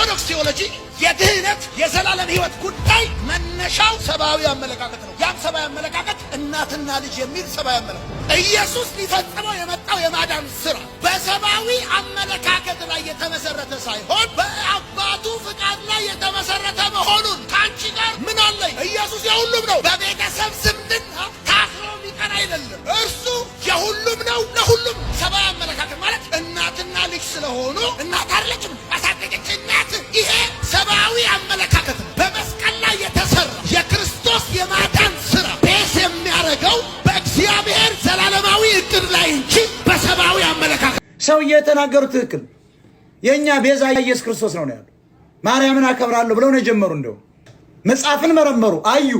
የኦርቶዶክስ ቴዎሎጂ የድህነት የዘላለም ህይወት ጉዳይ መነሻው ሰብአዊ አመለካከት ነው። ያም ሰብአዊ አመለካከት እናትና ልጅ የሚል ሰብአዊ አመለካከት ኢየሱስ ሊፈጽመው የመጣው የማዳን ስራ በሰብአዊ አመለካከት ላይ የተመሰረተ ሳይሆን በአባቱ ፍቃድ ላይ የተመሰረተ መሆኑን ከአንቺ ጋር ምን አለኝ ኢየሱስ የሁሉም ነው። በቤተሰብ ዝምድና ታፍሮ ቀን አይደለም። እርሱ የሁሉም ነው፣ ለሁሉም ሰብአዊ አመለካከት ማለት እናትና ልጅ ስለሆኑ እናት አለችም አሳደገች እናት። ይሄ ሰብአዊ አመለካከት ነው። በመስቀል ላይ የተሰራ የክርስቶስ የማዳን ስራ ቤስ የሚያደርገው በእግዚአብሔር ዘላለማዊ እቅድ ላይ እንጂ በሰብአዊ አመለካከት ሰው የተናገሩት ትክክል። የእኛ ቤዛ ኢየሱስ ክርስቶስ ነው ነው ያሉ። ማርያምን አከብራለሁ ብለው ነው የጀመሩ። እንደው መጽሐፍን መረመሩ፣ አዩ።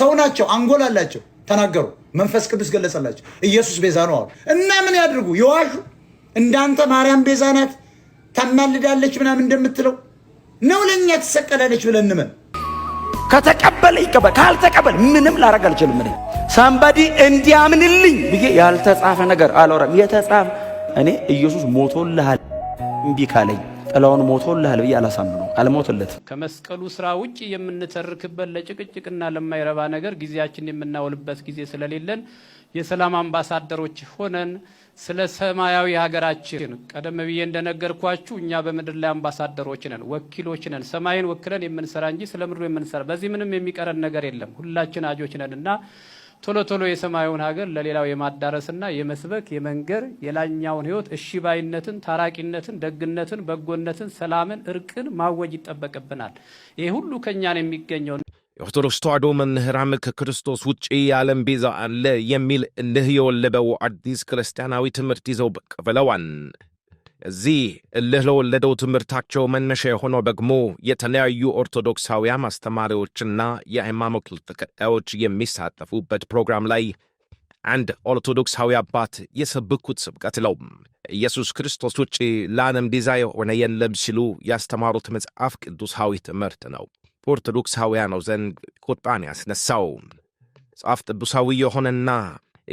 ሰው ናቸው፣ አንጎል አላቸው። ተናገሩ። መንፈስ ቅዱስ ገለጸላቸው። ኢየሱስ ቤዛ ነው አሉ እና ምን ያድርጉ? የዋሹ እንዳንተ ማርያም ቤዛ ናት ታማልዳለች ምናምን እንደምትለው ነው። ለእኛ ትሰቀላለች ብለን እንመን። ከተቀበለ ይቀበል፣ ካልተቀበል ምንም ላረግ አልችልም። እኔ ሳምባዲ እንዲያምንልኝ ብዬ ያልተጻፈ ነገር አላወራም። የተጻፈ እኔ ኢየሱስ ሞቶልሃል እምቢ ካለኝ ጥላውን ሞቶልሃል ብዬ አላሳምነው አልሞትለትም። ከመስቀሉ ስራ ውጭ የምንተርክበት ለጭቅጭቅና ለማይረባ ነገር ጊዜያችን የምናውልበት ጊዜ ስለሌለን የሰላም አምባሳደሮች ሆነን ስለ ሰማያዊ ሀገራችን ቀደም ብዬ እንደነገርኳችሁ እኛ በምድር ላይ አምባሳደሮች ነን፣ ወኪሎች ነን። ሰማይን ወክለን የምንሰራ እንጂ ስለ ምድሩ የምንሰራ በዚህ ምንም የሚቀረን ነገር የለም። ሁላችን አጆች ነን እና ቶሎ ቶሎ የሰማዩን ሀገር ለሌላው የማዳረስና የመስበክ የመንገር የላኛውን ህይወት እሺ ባይነትን፣ ታራቂነትን፣ ደግነትን፣ በጎነትን፣ ሰላምን፣ እርቅን ማወጅ ይጠበቅብናል። ይህ ሁሉ ከእኛን የሚገኘው የኦርቶዶክስ ተዋሕዶ መምህራም ከክርስቶስ ውጭ የዓለም ቤዛ አለ የሚል እልህ የወለበው አዲስ ክርስቲያናዊ ትምህርት ይዘው ብቅ ብለዋል። እዚህ እልህ ለወለደው ትምህርታቸው መነሻ የሆነው ደግሞ የተለያዩ ኦርቶዶክሳውያን አስተማሪዎችና የሃይማኖት ተከታዮች የሚሳተፉበት ፕሮግራም ላይ አንድ ኦርቶዶክሳዊ አባት የሰብኩት ስብከት ነው። ኢየሱስ ክርስቶስ ውጭ ለዓለም ዲዛ የሆነ የለም ሲሉ ያስተማሩት መጽሐፍ ቅዱሳዊ ትምህርት ነው። በኦርቶዶክሳውያኑ ዘንድ ቁጣን ያስነሳው መጽሐፍ ቅዱሳዊ የሆነና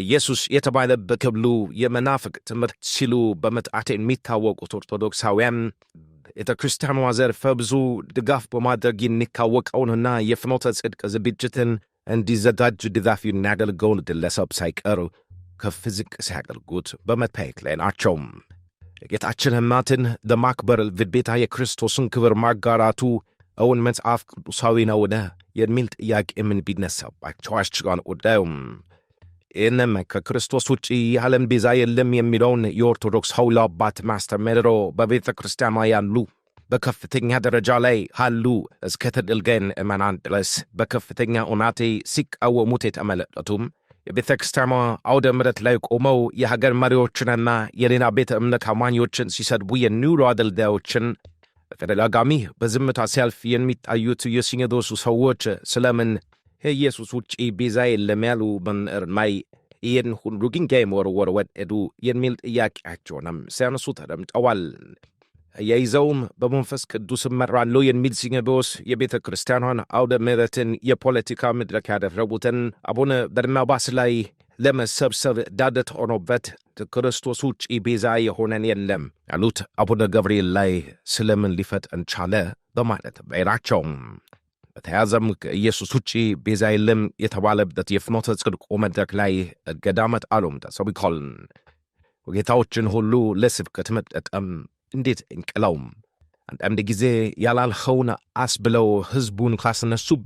ኢየሱስ የተባለ በክብሉ የመናፍቅ ትምህርት ሲሉ በመጥአት የሚታወቁት ኦርቶዶክሳውያን ቤተ ክርስቲያኗ ዘርፈ ብዙ ድጋፍ በማድረግ የሚታወቀውንና የፍኖተ ጽድቅ ዝግጅትን እንዲዘጋጅ ድጋፍ የሚያደርገውን ግለሰብ ሳይቀር ከፍ ዝቅ ሲያገልጉት በመታየት ላይ ናቸው። የጌታችን ሕማማትን ለማክበር ልቤታ የክርስቶስን ክብር ማጋራቱ እውን መጽሐፍ ቅዱሳዊ ነውን? የሚል ጥያቄ ምን ቢነሳባቸው አስችሏል ጉዳዩም ይህንም ከክርስቶስ ውጭ የዓለም ቤዛ የለም የሚለውን የኦርቶዶክስ ሐውላ አባት ማስተምህሮ በቤተ ክርስቲያኗ ያሉ በከፍተኛ ደረጃ ላይ አሉ እስከ ተደልገን እመናን ድረስ በከፍተኛ ኡናቴ ሲቃወሙት የተመለከቱም የቤተ ክርስቲያኗ አውደ ምረት ላይ ቆመው የሀገር መሪዎችንና የሌላ ቤተ እምነት አማኞችን ሲሰድቡ የኒውሮ አገልጋዮችን በተደጋጋሚ በዝምታ ሲያልፍ የሚታዩት የሲኖዶሱ ሰዎች ስለምን ከኢየሱስ ውጪ ቤዛ የለም ያሉ መምህር ማይ ይህን ሁሉ ድንጋይ መወርወር ወደዱ የሚል ጥያቄያቸውንም ሲያነሱ ተደምጠዋል። አያይዘውም በመንፈስ ቅዱስ እመራለሁ የሚል ሲኖዶስ የቤተ ክርስቲያኗን አውደ ምሕረትን የፖለቲካ መድረክ ያደረጉትን አቡነ በርናባስ ላይ ለመሰብሰብ ዳደት ሆኖበት ከክርስቶስ ውጪ ቤዛ የሆነን የለም ያሉት አቡነ ገብርኤል ላይ ስለምን ሊፈጠን ቻለ በማለት ባይ በተያዘም ከኢየሱስ ውጪ ቤዛ የለም የተባለበት የፍኖተ ጽድቁ መድረክ ላይ እገዳመት አሉም ተሰቢኮልን ጌታዎችን ሁሉ ለስብከት መጠቀም እንዴት እንቅለውም? አንዳንድ ጊዜ ያላልኸውን አስብለው ሕዝቡን ካስነሱብ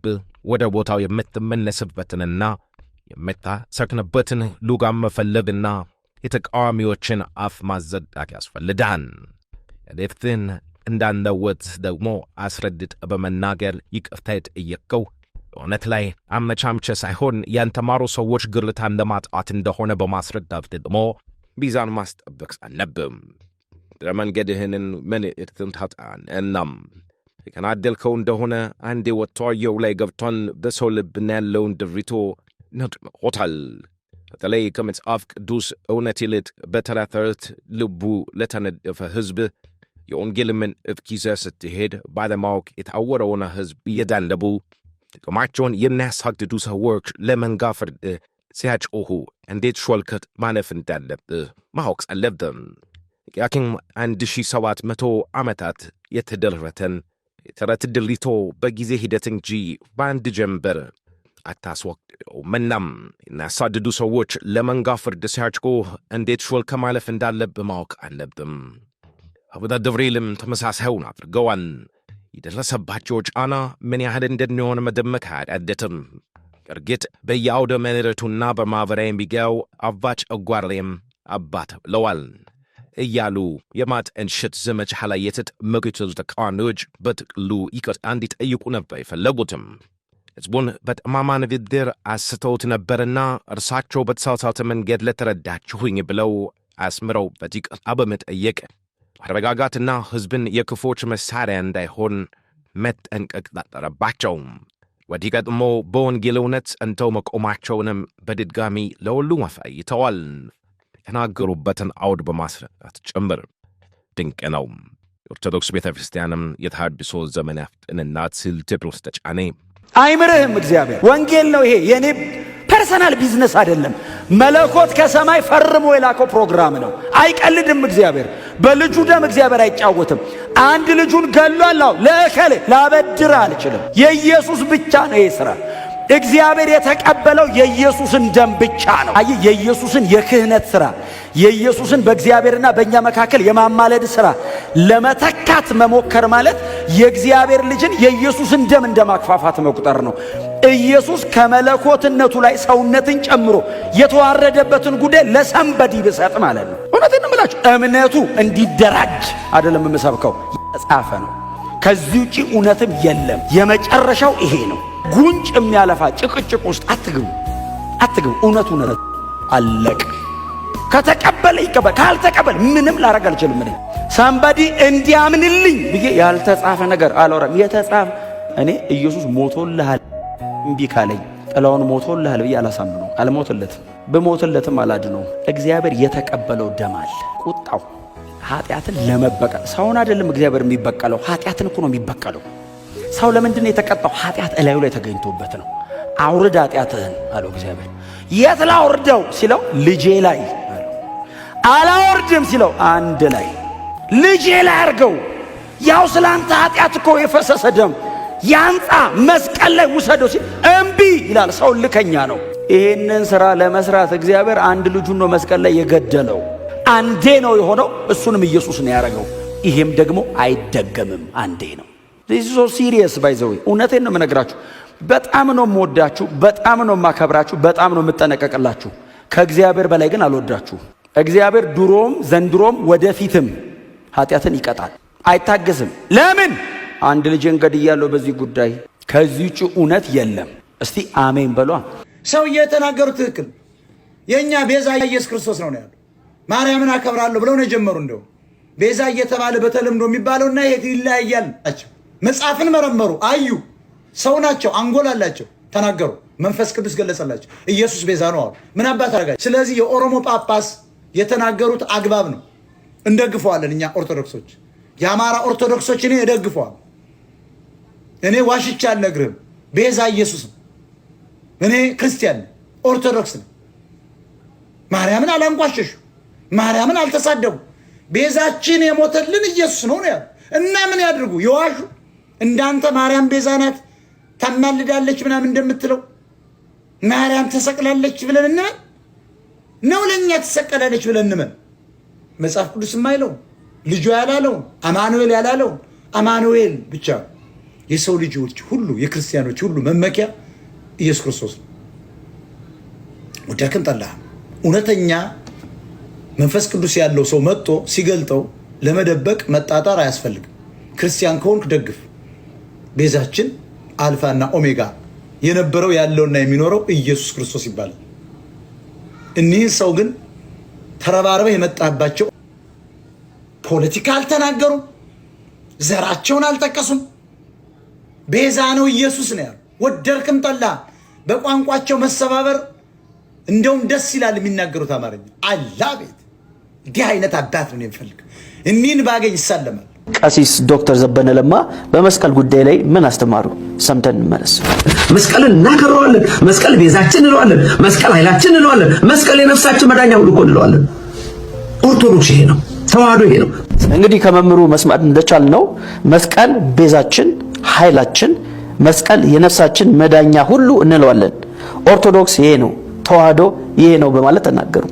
ወደ ቦታው የምትመለስበትንና የምታሰክንበትን ልጓም መፈለግና የተቃዋሚዎችን አፍ ማዘጋት ያስፈልዳል። እንዳንለወጥ ደግሞ አስረድጥ በመናገር ይቅርታ የጠየቀው እውነት ላይ አመቻምቸ ሳይሆን ያንተማሩ ሰዎች ግርታ ለማጥፋት እንደሆነ በማስረዳት ደግሞ ሚዛን ማስጠበቅ አለብም። መንገድህንን መልእክትን ታጣን። እናም የተናደልከው እንደሆነ አንዴ ወጥቶ አየው ላይ ገብቷን በሰው ልብና ያለውን ድሪቶ ነድመቆታል። በተለይ ከመጽሐፍ ቅዱስ እውነት ይልጥ በተረተረት ልቡ ለተነደፈ ሕዝብ የወንጌልምን እፍቅ ስትሄድ ባለማወቅ የታወረውን ሕዝብ እየዳለቡ ጥቅማቸውን የሚያሳድዱ ሰዎች ለመንጋ ፍርድ ሲያጮኹ እንዴት ሾልከት ማለፍ እንዳለብህ ማወቅ አለብህ። ያኪም 1700 ዓመታት የተደረተን የተረት ድሪቶ በጊዜ ሂደት እንጂ በአንድ ጀንበር አታስወቅደው። መናም የሚያሳድዱ ሰዎች ለመንጋ ፍርድ ሲያጭቁ እንዴት ሾልከ ማለፍ እንዳለብ ማወቅ አለብም። አቡነ ገብርኤልም ተመሳሳዩን አድርገዋል። የደረሰባቸው ጫና ምን ያህል እንደሚሆን መደመክ አያዳግትም። እርግጥ በየአውደ ምሕረቱና በማኅበራዊ ሚዲያው አባ ጨጓራም አባት ብለዋል እያሉ የማጥላሸት ዘመቻ ላይ የተጠመዱትን ተቃዋሚዎች በጥቅሉ ይቅርታ እንዲጠይቁ ነበር የፈለጉትም። ሕዝቡን በጠማማ ንግግር አስተውት ነበርና እርሳቸው በተሳሳተ መንገድ ለተረዳችሁኝ ብለው አስምረው በይቅርታ በመጠየቅ መረጋጋትና ሕዝብን የክፎች መሳሪያ እንዳይሆን መጠንቀቅ ጠጠረባቸው። ወዲህ ቀጥሞ በወንጌል እውነት እንተው መቆማቸውንም በድጋሚ ለሁሉም አሳይተዋል። የተናገሩበትን አውድ በማስረዳት ጭምር ድንቅ ነው። የኦርቶዶክስ ቤተ ክርስቲያንም የተሃድሶ ዘመን ያፍጥንና ሲል ቴድሮስ ተጫኔ አይምርህም። እግዚአብሔር ወንጌል ነው ይሄ የኔ ፐርሰናል ቢዝነስ አይደለም። መለኮት ከሰማይ ፈርሞ የላከው ፕሮግራም ነው። አይቀልድም። እግዚአብሔር በልጁ ደም እግዚአብሔር አይጫወትም። አንድ ልጁን ገሏል። ለእከሌ ላበድር አልችልም። የኢየሱስ ብቻ ነው ይህ ስራ። እግዚአብሔር የተቀበለው የኢየሱስን ደም ብቻ ነው። አይ የኢየሱስን የክህነት ስራ የኢየሱስን በእግዚአብሔርና በእኛ መካከል የማማለድ ስራ ለመተካት መሞከር ማለት የእግዚአብሔር ልጅን የኢየሱስን ደም እንደማክፋፋት መቁጠር ነው። ኢየሱስ ከመለኮትነቱ ላይ ሰውነትን ጨምሮ የተዋረደበትን ጉዳይ ለሰንበድ ብሰጥ ማለት ነው። እውነት እንምላችሁ እምነቱ እንዲደራጅ አይደለም የምሰብከው የተጻፈ ነው። ከዚህ ውጪ እውነትም የለም። የመጨረሻው ይሄ ነው። ጉንጭ የሚያለፋ ጭቅጭቅ ውስጥ አትግቡ፣ አትግቡ። እውነት እውነት አለቅ። ከተቀበለ ይቀበል፣ ካልተቀበል ምንም ላረግ አልችልም። እኔ ሰንበዲ እንዲያምንልኝ ብዬ ያልተጻፈ ነገር አላወራም። የተጻፈ እኔ ኢየሱስ ሞቶልሃል እምቢ ካለኝ ጥላውን ሞቶልሃል ብዬ አላሳምነው። አልሞትለትም፣ ብሞትለትም አላድነው። እግዚአብሔር የተቀበለው ደም አለ። ቁጣው ኃጢአትን ለመበቀል ሰውን አይደለም እግዚአብሔር የሚበቀለው ኃጢአትን እኮ ነው የሚበቀለው። ሰው ለምንድን ነው የተቀጣው? ኃጢአት እላዩ ላይ ተገኝቶበት ነው። አውርድ ኃጢአትህን አለው እግዚአብሔር። የት ላውርደው ሲለው ልጄ ላይ አላወርድም ሲለው አንድ ላይ ልጄ ላይ አርገው። ያው ስላንተ ኃጢአት እኮ የፈሰሰ ደም ያንጻ መስቀል ላይ ውሰዶ ሲል እምቢ ይላል። ሰው ልከኛ ነው። ይሄንን ስራ ለመስራት እግዚአብሔር አንድ ልጁን ነው መስቀል ላይ የገደለው። አንዴ ነው የሆነው፣ እሱንም ኢየሱስ ነው ያደረገው። ይሄም ደግሞ አይደገምም፣ አንዴ ነው። ሶ ሲሪየስ ባይዘዌ እውነቴን ነው የምነግራችሁ። በጣም ነው የምወዳችሁ፣ በጣም ነው የማከብራችሁ፣ በጣም ነው የምጠነቀቅላችሁ። ከእግዚአብሔር በላይ ግን አልወዳችሁ። እግዚአብሔር ድሮም ዘንድሮም ወደፊትም ኃጢአትን ይቀጣል፣ አይታገስም። ለምን አንድ እንገድ ገድያለሁ በዚህ ጉዳይ። ከዚህ ውጭ እውነት የለም። እስቲ አሜን በሏ። ሰውዬ የተናገሩት ትክክል። የእኛ ቤዛ ኢየሱስ ክርስቶስ ነው ያሉ ማርያምን አከብራለሁ ብለው ነው የጀመሩ። እንደው ቤዛ እየተባለ በተለምዶ የሚባለውና የት ይለያያል ናቸው። መጽሐፍን መረመሩ፣ አዩ። ሰው ናቸው፣ አንጎል አላቸው፣ ተናገሩ። መንፈስ ቅዱስ ገለጸላቸው። ኢየሱስ ቤዛ ነው አሉ። ምን አባት አረጋቸው? ስለዚህ የኦሮሞ ጳጳስ የተናገሩት አግባብ ነው፣ እንደግፈዋለን። እኛ ኦርቶዶክሶች፣ የአማራ ኦርቶዶክሶች እኔ እደግፈዋል። እኔ ዋሽቻ አልነግርህም። ቤዛ ኢየሱስ ነው። እኔ ክርስቲያን ኦርቶዶክስ ነው። ማርያምን አላንቋሸሹ፣ ማርያምን አልተሳደቡ። ቤዛችን የሞተልን ኢየሱስ ነው ያ እና ምን ያድርጉ የዋሹ እንዳንተ ማርያም ቤዛ ናት ታማልዳለች ምናምን እንደምትለው ማርያም ተሰቅላለች ብለን እንመን ነው? ለእኛ ትሰቀላለች ብለን እንመን? መጽሐፍ ቅዱስ የማይለውን ልጁ ያላለውን አማኑኤል ያላለውን አማኑኤል ብቻ የሰው ልጆች ሁሉ የክርስቲያኖች ሁሉ መመኪያ ኢየሱስ ክርስቶስ ነው። ወዳክም ጠላህም እውነተኛ መንፈስ ቅዱስ ያለው ሰው መጥቶ ሲገልጠው ለመደበቅ መጣጣር አያስፈልግም። ክርስቲያን ከሆንክ ደግፍ። ቤዛችን አልፋና ኦሜጋ የነበረው ያለውና የሚኖረው ኢየሱስ ክርስቶስ ይባላል። እኒህን ሰው ግን ተረባርበህ የመጣባቸው ፖለቲካ አልተናገሩም፣ ዘራቸውን አልጠቀሱም። ቤዛ ነው ኢየሱስ ነው ያሉ። ወደድክም ጠላ በቋንቋቸው መሰባበር እንደውም ደስ ይላል የሚናገሩት አማርኛ አላ ቤት እንዲህ አይነት አባት ነው የሚፈልግ። እኒን ባገኝ ይሳለማል። ቀሲስ ዶክተር ዘበነ ለማ በመስቀል ጉዳይ ላይ ምን አስተማሩ? ሰምተን እንመለስ። መስቀልን እናከብረዋለን። መስቀል ቤዛችን እንለዋለን። መስቀል ኃይላችን እንለዋለን። መስቀል የነፍሳችን መዳኛ ሁሉ እኮ እንለዋለን። ኦርቶዶክስ ይሄ ነው፣ ተዋህዶ ይሄ ነው። እንግዲህ ከመምህሩ መስማት እንደቻል ነው መስቀል ቤዛችን ኃይላችን መስቀል የነፍሳችን መዳኛ ሁሉ እንለዋለን። ኦርቶዶክስ ይሄ ነው፣ ተዋህዶ ይሄ ነው በማለት ተናገሩ።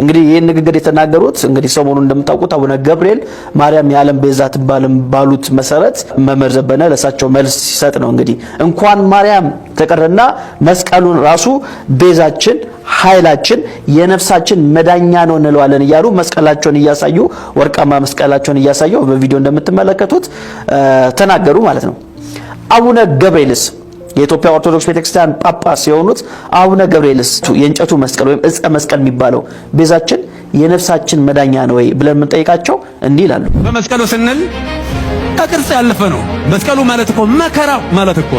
እንግዲህ ይህን ንግግር የተናገሩት እንግዲህ ሰሞኑን እንደምታውቁት አቡነ ገብርኤል ማርያም የዓለም ቤዛ ትባልም ባሉት መሰረት መምህር ዘበነ ለእሳቸው መልስ ሲሰጥ ነው። እንግዲህ እንኳን ማርያም ተቀረና መስቀሉን ራሱ ቤዛችን፣ ኃይላችን፣ የነፍሳችን መዳኛ ነው እንለዋለን እያሉ መስቀላቸውን እያሳዩ ወርቃማ መስቀላቸውን እያሳዩ በቪዲዮ እንደምትመለከቱት ተናገሩ ማለት ነው። አቡነ ገብርኤልስ የኢትዮጵያ ኦርቶዶክስ ቤተክርስቲያን ጳጳስ የሆኑት አቡነ ገብርኤልስ የእንጨቱ መስቀል ወይም ዕፀ መስቀል የሚባለው ቤዛችን የነፍሳችን መዳኛ ነው ወይ ብለን የምንጠይቃቸው እንዲህ ይላሉ። በመስቀሉ ስንል ከቅርጽ ያለፈ ነው። መስቀሉ ማለት እኮ መከራው ማለት እኮ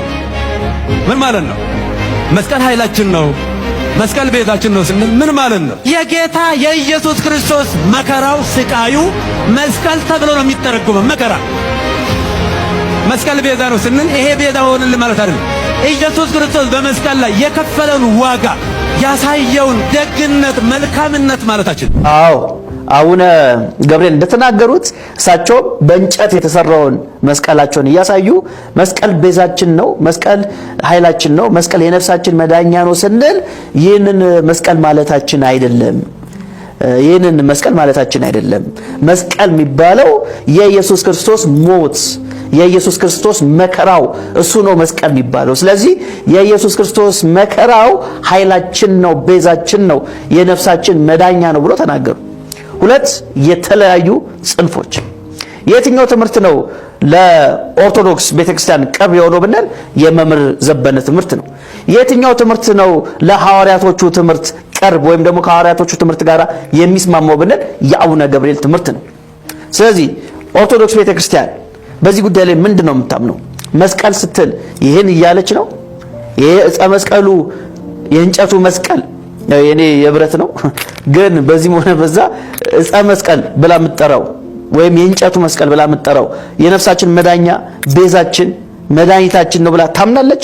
ምን ማለት ነው? መስቀል ኃይላችን ነው፣ መስቀል ቤዛችን ነው ስንል ምን ማለት ነው? የጌታ የኢየሱስ ክርስቶስ መከራው ስቃዩ መስቀል ተብሎ ነው የሚተረጎመው መከራ መስቀል ቤዛ ነው ስንል ይሄ ቤዛ ሆነልን ማለት አይደለም። ኢየሱስ ክርስቶስ በመስቀል ላይ የከፈለውን ዋጋ ያሳየውን ደግነት፣ መልካምነት ማለታችን። አዎ አቡነ ገብርኤል እንደተናገሩት እሳቸውም በእንጨት የተሰራውን መስቀላቸውን እያሳዩ መስቀል ቤዛችን ነው፣ መስቀል ኃይላችን ነው፣ መስቀል የነፍሳችን መዳኛ ነው ስንል ይህንን መስቀል ማለታችን አይደለም ይህንን መስቀል ማለታችን አይደለም። መስቀል የሚባለው የኢየሱስ ክርስቶስ ሞት የኢየሱስ ክርስቶስ መከራው እሱ ነው መስቀል የሚባለው። ስለዚህ የኢየሱስ ክርስቶስ መከራው ኃይላችን ነው፣ ቤዛችን ነው፣ የነፍሳችን መዳኛ ነው ብሎ ተናገሩ። ሁለት የተለያዩ ጽንፎች። የትኛው ትምህርት ነው ለኦርቶዶክስ ቤተክርስቲያን ቅርብ የሆነው ብንል የመምህር ዘበነ ትምህርት ነው። የትኛው ትምህርት ነው ለሐዋርያቶቹ ትምህርት ቅርብ ወይም ደግሞ ከሐዋርያቶቹ ትምህርት ጋር የሚስማማው ብንል የአቡነ ገብርኤል ትምህርት ነው። ስለዚህ ኦርቶዶክስ ቤተክርስቲያን በዚህ ጉዳይ ላይ ምንድን ነው የምታምነው? መስቀል ስትል ይህን እያለች ነው። ይሄ ዕፀ መስቀሉ የእንጨቱ መስቀል የኔ የብረት ነው፣ ግን በዚህም ሆነ በዛ ዕፀ መስቀል ብላ የምትጠራው ወይም የእንጨቱ መስቀል ብላ የምትጠራው የነፍሳችን መዳኛ ቤዛችን መድኃኒታችን ነው ብላ ታምናለች።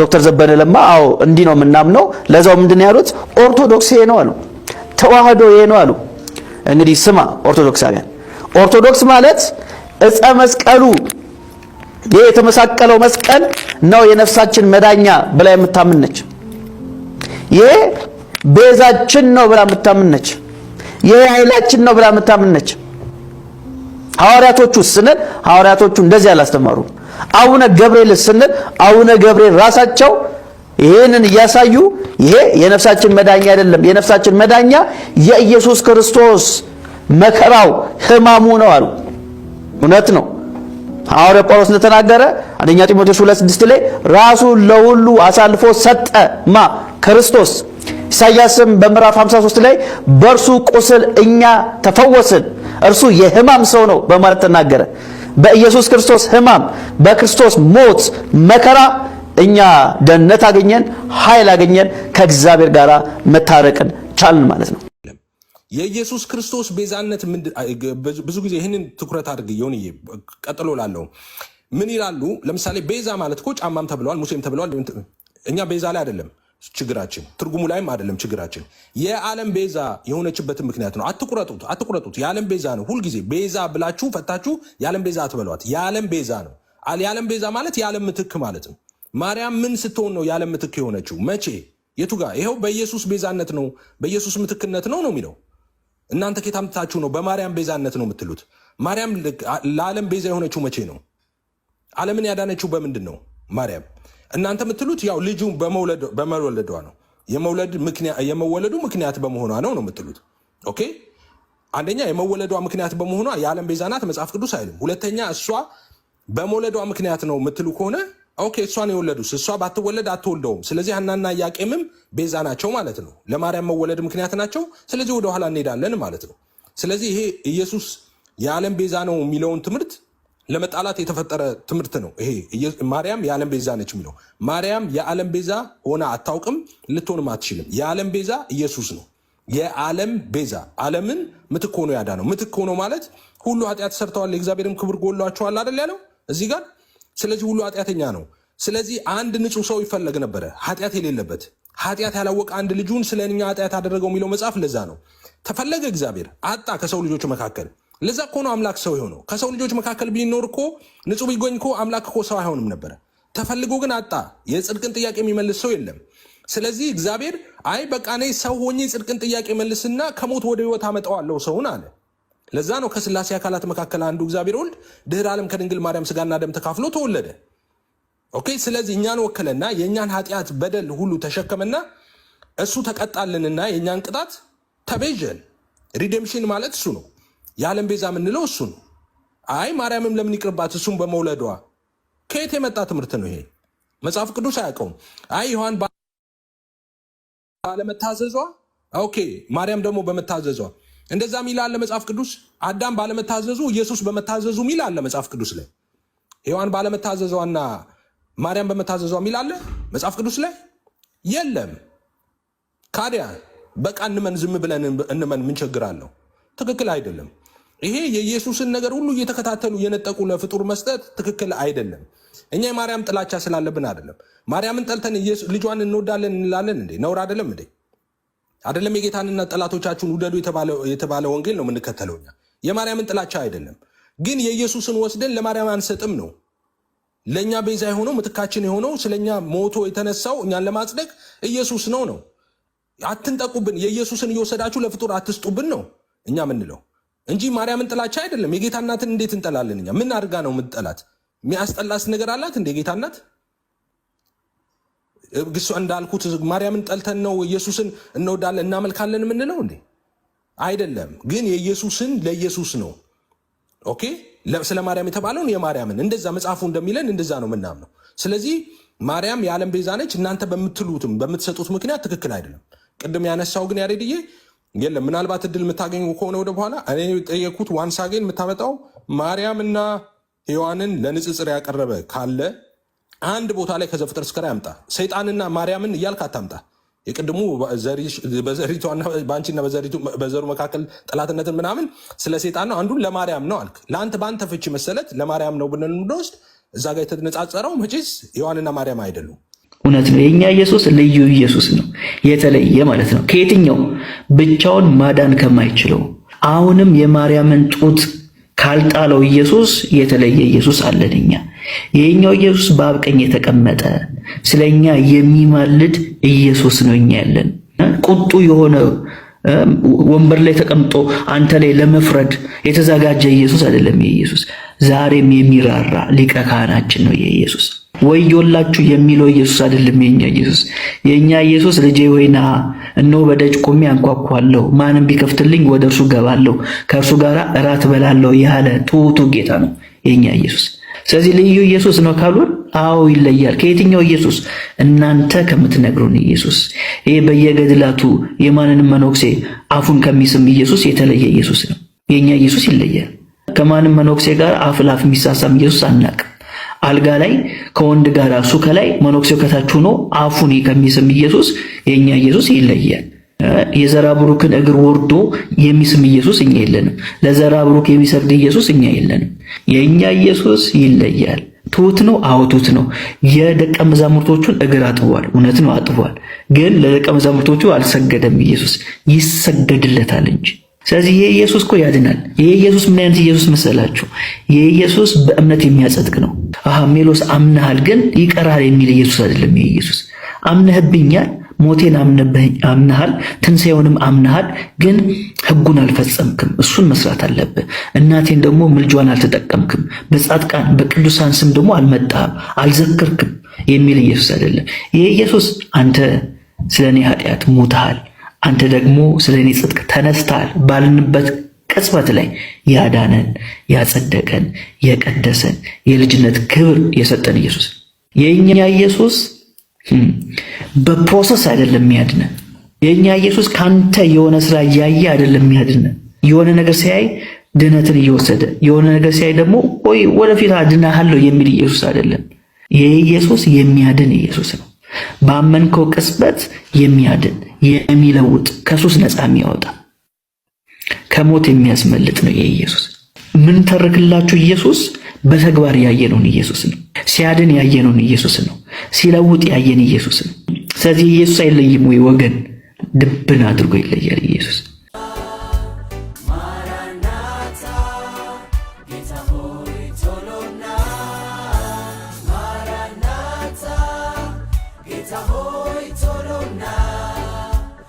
ዶክተር ዘበነ ለማ አዎ እንዲህ ነው የምናምነው። ለዛው ምንድን ነው ያሉት? ኦርቶዶክስ ይሄ ነው አሉ፣ ተዋህዶ ይሄ ነው አሉ። እንግዲህ ስማ ኦርቶዶክሳውያን ኦርቶዶክስ ማለት እፀ መስቀሉ ይህ የተመሳቀለው መስቀል ነው የነፍሳችን መዳኛ ብላ የምታምነች። ይሄ ቤዛችን ነው ብላ የምታምነች። ይሄ ኃይላችን ነው ብላ የምታምነች። ሐዋርያቶቹ ስንል ሐዋርያቶቹ እንደዚህ ያላስተማሩ አቡነ ገብርኤል ስንል አቡነ ገብርኤል ራሳቸው ይህንን እያሳዩ ይሄ የነፍሳችን መዳኛ አይደለም፣ የነፍሳችን መዳኛ የኢየሱስ ክርስቶስ መከራው ህማሙ ነው አሉ። እውነት ነው። ሐዋርያው ጳውሎስ እንደተናገረ አንደኛ ጢሞቴዎስ 2:6 ላይ ራሱን ለሁሉ አሳልፎ ሰጠ ማ ክርስቶስ። ኢሳይያስም በምዕራፍ 53 ላይ በእርሱ ቁስል እኛ ተፈወስን፣ እርሱ የሕማም ሰው ነው በማለት ተናገረ። በኢየሱስ ክርስቶስ ሕማም፣ በክርስቶስ ሞት መከራ እኛ ደህንነት አገኘን፣ ኃይል አገኘን፣ ከእግዚአብሔር ጋር መታረቅን ቻልን ማለት ነው። የኢየሱስ ክርስቶስ ቤዛነት ብዙ ጊዜ ይህንን ትኩረት አድርግ የሆን ቀጥሎ ላለው ምን ይላሉ? ለምሳሌ ቤዛ ማለት እኮ ጫማም ተብለዋል፣ ሙሴም ተብለዋል። እኛ ቤዛ ላይ አይደለም ችግራችን፣ ትርጉሙ ላይም አይደለም ችግራችን። የዓለም ቤዛ የሆነችበትን ምክንያት ነው። አትቁረጡት፣ አትቁረጡት። የዓለም ቤዛ ነው። ሁልጊዜ ቤዛ ብላችሁ ፈታችሁ የዓለም ቤዛ አትበሏት። የዓለም ቤዛ ነው። የዓለም ቤዛ ማለት የዓለም ምትክ ማለት ነው። ማርያም ምን ስትሆን ነው የዓለም ምትክ የሆነችው? መቼ? የቱ ጋር? ይኸው በኢየሱስ ቤዛነት ነው፣ በኢየሱስ ምትክነት ነው ነው የሚለው እናንተ ከየት አምጥታችሁ ነው በማርያም ቤዛነት ነው የምትሉት? ማርያም ለዓለም ቤዛ የሆነችው መቼ ነው? ዓለምን ያዳነችው በምንድን ነው ማርያም? እናንተ የምትሉት ያው ልጁ በመወለዷ ነው የመወለዱ ምክንያት በመሆኗ ነው ነው የምትሉት። ኦኬ አንደኛ የመወለዷ ምክንያት በመሆኗ የዓለም ቤዛ ናት መጽሐፍ ቅዱስ አይልም። ሁለተኛ እሷ በመውለዷ ምክንያት ነው የምትሉ ከሆነ ኦኬ እሷን የወለዱስ እሷ ባትወለድ አትወልደውም። ስለዚህ ሐናና ኢያቄምም ቤዛ ናቸው ማለት ነው፣ ለማርያም መወለድ ምክንያት ናቸው። ስለዚህ ወደኋላ እንሄዳለን ማለት ነው። ስለዚህ ይሄ ኢየሱስ የዓለም ቤዛ ነው የሚለውን ትምህርት ለመጣላት የተፈጠረ ትምህርት ነው። ይሄ ማርያም የዓለም ቤዛ ነች የሚለው ማርያም የዓለም ቤዛ ሆና አታውቅም፣ ልትሆንም አትችልም። የዓለም ቤዛ ኢየሱስ ነው። የዓለም ቤዛ ዓለምን ምትክ ሆኖ ያዳ ነው። ምትክ ሆኖ ማለት ሁሉ ኃጢአት ሰርተዋል፣ የእግዚአብሔርም ክብር ጎሏቸዋል አደል ያለው እዚህ ጋር ስለዚህ ሁሉ ኃጢአተኛ ነው። ስለዚህ አንድ ንጹህ ሰው ይፈለግ ነበረ፣ ኃጢአት የሌለበት ኃጢአት ያላወቀ አንድ ልጁን ስለ እኛ ኃጢአት አደረገው የሚለው መጽሐፍ ለዛ ነው። ተፈለገ እግዚአብሔር አጣ ከሰው ልጆች መካከል። ለዛ እኮ ነው አምላክ ሰው የሆነው። ከሰው ልጆች መካከል ቢኖር እኮ ንጹህ ቢጎኝ እኮ አምላክ እኮ ሰው አይሆንም ነበረ። ተፈልጎ ግን አጣ። የጽድቅን ጥያቄ የሚመልስ ሰው የለም። ስለዚህ እግዚአብሔር አይ በቃ እኔ ሰው ሆኜ ጽድቅን ጥያቄ መልስና ከሞት ወደ ህይወት አመጣዋለሁ ሰውን አለ። ለዛ ነው ከስላሴ አካላት መካከል አንዱ እግዚአብሔር ወልድ ድህር ዓለም ከድንግል ማርያም ስጋና ደም ተካፍሎ ተወለደ። ኦኬ። ስለዚህ እኛን ወከለና የእኛን ኃጢአት በደል ሁሉ ተሸከመና እሱ ተቀጣልንና የእኛን ቅጣት ተቤዠን። ሪዴምሽን ማለት እሱ ነው። የዓለም ቤዛ የምንለው እሱ ነው። አይ ማርያምም ለምን ይቅርባት እሱም በመውለዷ ከየት የመጣ ትምህርት ነው ይሄ? መጽሐፍ ቅዱስ አያውቀውም። አይ ዮሐን ባለመታዘዟ ኦኬ፣ ማርያም ደግሞ በመታዘዟ እንደዛ ሚል አለ መጽሐፍ ቅዱስ። አዳም ባለመታዘዙ ኢየሱስ በመታዘዙ ሚል አለ መጽሐፍ ቅዱስ ላይ። ሔዋን ባለመታዘዟና ማርያም በመታዘዟ ሚል አለ መጽሐፍ ቅዱስ ላይ የለም። ካዲያ በቃ እንመን፣ ዝም ብለን እንመን፣ ምን ችግር አለው? ትክክል አይደለም። ይሄ የኢየሱስን ነገር ሁሉ እየተከታተሉ የነጠቁ ለፍጡር መስጠት ትክክል አይደለም። እኛ የማርያም ጥላቻ ስላለብን አይደለም። ማርያምን ጠልተን ልጇን እንወዳለን እንላለን እንዴ? ነውር አይደለም እንዴ? አይደለም የጌታንና ጠላቶቻችሁን ውደዱ የተባለ ወንጌል ነው የምንከተለው እኛ። የማርያምን ጥላቻ አይደለም ግን የኢየሱስን ወስደን ለማርያም አንሰጥም ነው። ለእኛ ቤዛ የሆነው ምትካችን የሆነው ስለኛ ሞቶ የተነሳው እኛን ለማጽደቅ ኢየሱስ ነው ነው። አትንጠቁብን፣ የኢየሱስን እየወሰዳችሁ ለፍጡር አትስጡብን ነው እኛ ምንለው እንጂ ማርያምን ጥላቻ አይደለም። የጌታ እናትን እንዴት እንጠላለን እኛ? ምን አድርጋ ነው የምንጠላት? የሚያስጠላስ ነገር አላት እንደ ጌታ እናት? ግሶ እንዳልኩት ማርያምን ጠልተን ነው ኢየሱስን እንወዳለን እናመልካለን የምንለው እንዴ? አይደለም። ግን የኢየሱስን ለኢየሱስ ነው። ኦኬ ስለ ማርያም የተባለውን የማርያምን እንደዛ መጽሐፉ እንደሚለን እንደዛ ነው ምናምነው። ስለዚህ ማርያም የዓለም ቤዛ ነች እናንተ በምትሉትም በምትሰጡት ምክንያት ትክክል አይደለም። ቅድም ያነሳው ግን ያሬድዬ የለም ምናልባት እድል የምታገኙ ከሆነ ወደ በኋላ እኔ የጠየኩት ዋንሳ ግን የምታመጣው ማርያምና ሔዋንን ለንጽጽር ያቀረበ ካለ አንድ ቦታ ላይ ከዘፍጥረት እስከ ራዕይ አምጣ። ሰይጣንና ማርያምን እያልክ አታምጣ። የቅድሙ በዘሪቷና በአንቺና በዘሩ መካከል ጠላትነትን ምናምን ስለ ሰይጣን ነው፣ አንዱን ለማርያም ነው አልክ። ለአንተ በአንተ ፍቺ መሰለት ለማርያም ነው ብንን ምንወስድ እዛ ጋር የተነጻጸረው መቼስ ሔዋንና ማርያም አይደሉም። እውነት ነው። የኛ ኢየሱስ ልዩ ኢየሱስ ነው፣ የተለየ ማለት ነው። ከየትኛው ብቻውን ማዳን ከማይችለው አሁንም የማርያምን ጡት ካልጣለው ኢየሱስ የተለየ ኢየሱስ አለን እኛ። ይሄኛው ኢየሱስ በአብ ቀኝ የተቀመጠ ስለኛ የሚማልድ ኢየሱስ ነው እኛ ያለን። ቁጡ የሆነ ወንበር ላይ ተቀምጦ አንተ ላይ ለመፍረድ የተዘጋጀ ኢየሱስ አይደለም። የኢየሱስ ዛሬም የሚራራ ሊቀ ካህናችን ነው። የኢየሱስ። ወዮላችሁ የሚለው ኢየሱስ አይደለም። የኛ ኢየሱስ የኛ ኢየሱስ ልጄ ወይና እኖ በደጅ ቆሜ አንኳኳለሁ፣ ማንም ቢከፍትልኝ ወደ እርሱ ገባለሁ፣ ከእርሱ ጋር እራት በላለሁ ያለ ትሑቱ ጌታ ነው የኛ ኢየሱስ። ስለዚህ ልዩ ኢየሱስ ነው ካሉን፣ አዎ ይለያል። ከየትኛው ኢየሱስ? እናንተ ከምትነግሩን ኢየሱስ። ይሄ በየገድላቱ የማንንም መነኩሴ አፉን ከሚስም ኢየሱስ የተለየ ኢየሱስ ነው። የኛ ኢየሱስ ይለያል። ከማንም መነኩሴ ጋር አፍ ላፍ የሚሳሳም ኢየሱስ አናቅም። አልጋ ላይ ከወንድ ጋር እሱ ከላይ መነኩሴው ከታች ሆኖ አፉን ከሚስም ኢየሱስ የእኛ ኢየሱስ ይለያል። የዘራ ብሩክን እግር ወርዶ የሚስም ኢየሱስ እኛ የለንም። ለዘራ ብሩክ የሚሰግድ ኢየሱስ እኛ የለንም። የእኛ ኢየሱስ ይለያል። ትሁት ነው። አዎ ትሁት ነው። የደቀ መዛሙርቶቹን እግር አጥቧል። እውነት ነው፣ አጥቧል። ግን ለደቀ መዛሙርቶቹ አልሰገደም። ኢየሱስ ይሰገድለታል እንጂ ስለዚህ ይሄ ኢየሱስ እኮ ያድናል። ይሄ ኢየሱስ ምን አይነት ኢየሱስ መሰላችሁ? ይሄ ኢየሱስ በእምነት የሚያጸድቅ ነው። አሃ ሜሎስ አምነሃል፣ ግን ይቀራል የሚል ኢየሱስ አይደለም። ይሄ ኢየሱስ አምነህብኛል፣ ሞቴን አምነሃል፣ ትንሣኤውንም አምነሃል፣ ግን ህጉን አልፈጸምክም። እሱን መስራት አለብህ። እናቴን ደግሞ ምልጇን አልተጠቀምክም፣ በጻድቃን በቅዱሳን ስም ደግሞ አልመጣህም፣ አልዘክርክም የሚል ኢየሱስ አይደለም። ይሄ ኢየሱስ አንተ ስለ እኔ ኃጢአት ሞተሃል አንተ ደግሞ ስለ እኔ ጽድቅ ተነስተሃል ባልንበት ቅጽበት ላይ ያዳነን፣ ያጸደቀን፣ የቀደሰን፣ የልጅነት ክብር የሰጠን ኢየሱስ የእኛ ኢየሱስ በፕሮሰስ አይደለም የሚያድነን። የእኛ ኢየሱስ ካንተ የሆነ ስራ እያየ አይደለም የሚያድነን። የሆነ ነገር ሲያይ ድነትን እየወሰደ የሆነ ነገር ሲያይ ደግሞ ወይ ወደፊት አድናሃለሁ የሚል ኢየሱስ አይደለም። ይህ ኢየሱስ የሚያድን ኢየሱስ ነው። ባመንከው ቅጽበት የሚያድን የሚለውጥ ከሱስ ነፃ የሚያወጣ ከሞት የሚያስመልጥ ነው። ኢየሱስ ምን ተርክላችሁ? ኢየሱስ በተግባር ያየነውን ኢየሱስ ነው። ሲያድን ያየነውን ኢየሱስ ነው። ሲለውጥ ያየን ኢየሱስ ነው። ስለዚህ ኢየሱስ አይለይም ወይ ወገን? ድብን አድርጎ ይለያል።